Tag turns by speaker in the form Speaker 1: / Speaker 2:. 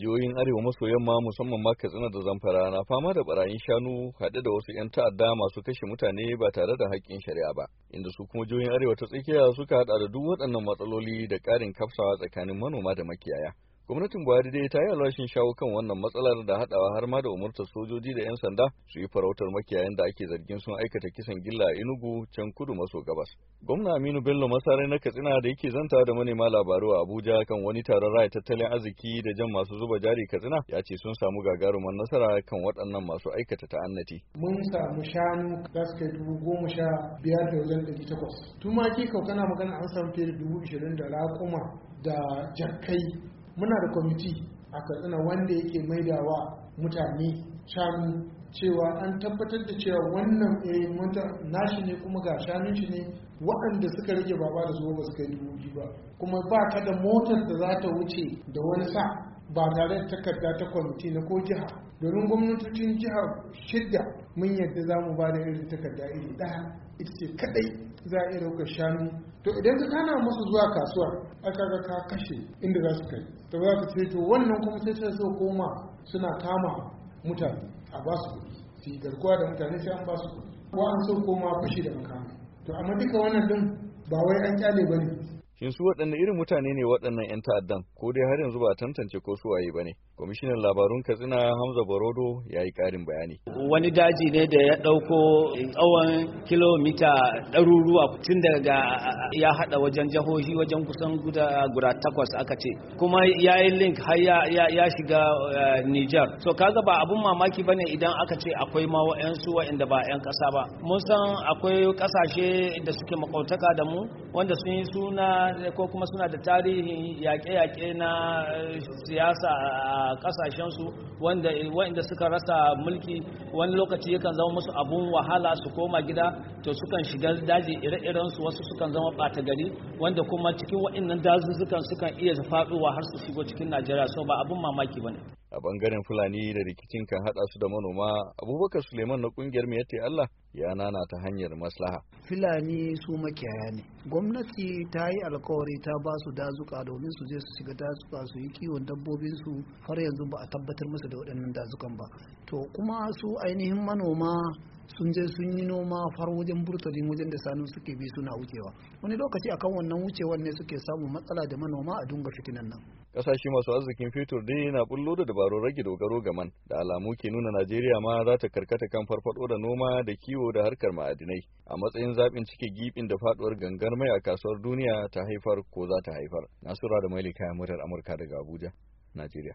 Speaker 1: Jihohin Arewa maso yamma musamman ma Katsina da Zamfara na fama da barayin shanu haɗe da wasu 'yan ta'adda masu kashe mutane ba tare da haƙƙin shari'a ba, inda su kuma jihohin Arewa ta tsakiya suka haɗa da duk waɗannan matsaloli da ƙarin kafsawa tsakanin manoma da makiyaya. Gwamnatin Buhari dai ta yi alwashin shawo kan wannan matsalar da haɗawa har ma da umurtar sojoji da 'yan sanda su yi farautar makiyayan da ake zargin sun aikata kisan gilla a inugu can kudu maso gabas. Gwamna Aminu Bello Masarai na Katsina da yake zanta da manema labaru a Abuja kan wani taron raya tattalin arziki da jan masu zuba jari Katsina ya ce sun samu gagarumar nasara kan waɗannan masu aikata ta'annati.
Speaker 2: Mun samu shanu gaske dubu goma sha biyar da wajen ɗari takwas. Tumaki kau kana magana an samu fiye da dubu ishirin da raƙuma da jakai. muna da kwamiti a katsina wanda yake maidawa mutane shanu cewa an tabbatar da cewa wannan eh, mutum nashi ne kuma ga shanun shi ne waɗanda suka rage baba da zuwa ba su kai dubu biyu ba kuma ba ka da motar da za ta wuce da wani sa ba tare da takarda ta kwamiti na ko jiha domin gwamnatocin jihar shidda mun yadda za mu ba da irin takarda iri ɗaya ita ce kaɗai za a iya ɗaukar shanu to idan ka kana musu zuwa kasuwa aka ga ka kashe inda za su kai to za ka ce to wannan kuma sai ta so koma suna kama mutane a ba su kuɗi su yi garkuwa da mutane sai an ba su kuɗi ko an so koma fashi da makami to amma duka wannan din ba wai an kyale ba
Speaker 1: ne Shin su waɗanne irin mutane ne waɗannan 'yan ta'addan ko dai har yanzu ba tantance ko su waye ba ne? Kwamishinan labarun Katsina Hamza Barodo ya yi ƙarin bayani. Wani
Speaker 3: daji ne da ya ɗauko tsawon kilomita ɗaruruwa tun daga ya haɗa wajen jihohi wajen kusan guda guda takwas aka ce. Kuma ya yi link har ya, shiga eh, Nijar. So kaga ba abun mamaki ba ne idan aka ce akwai ma wa'yansu wa'inda ba 'yan ƙasa ba. Mun san akwai ƙasashe da suke makautaka da mu wanda sun yi suna ko kuma suna da tarihin yaƙe-yaƙe na eh, siyasa a ƙasashensu wanda eh, suka rasa mulki wani lokaci yakan zama musu abun wahala su koma gida to sukan shiga daji ire-irensu wasu sukan zama ɓata gari wanda kuma cikin waɗannan dazuzzukan sukan iya faɗowa har su shigo cikin najeriya so ba abun mamaki
Speaker 1: ba ne a bangaren fulani da rikicin kan hada su da manoma abubakar suleiman na kungiyar i allah ya nana ta hanyar maslaha
Speaker 4: fulani su makiyaya ne gwamnati ta yi alkawari ta ba su dazuka domin su je su shiga dazuka su yi kiwon dabbobin su har yanzu ba a tabbatar musu da waɗannan dazukan ba to kuma su ainihin manoma sun je sun yi noma far wajen burtalin wajen da sanu suke bi suna wucewa wani lokaci akan wannan wucewar ne suke samu matsala da manoma a dunga fitinan nan
Speaker 1: kasashe masu arzikin fetur dai na bullo da dabarun rage dogaro ga man da alamu ke nuna Najeriya ma za ta karkata kan farfado da noma da kiwo da harkar ma'adinai a matsayin zaɓin cike gibin da faduwar gangar mai a kasuwar duniya ta haifar ko za ta haifar nasura da mailika ya murar Amurka daga Abuja Najeriya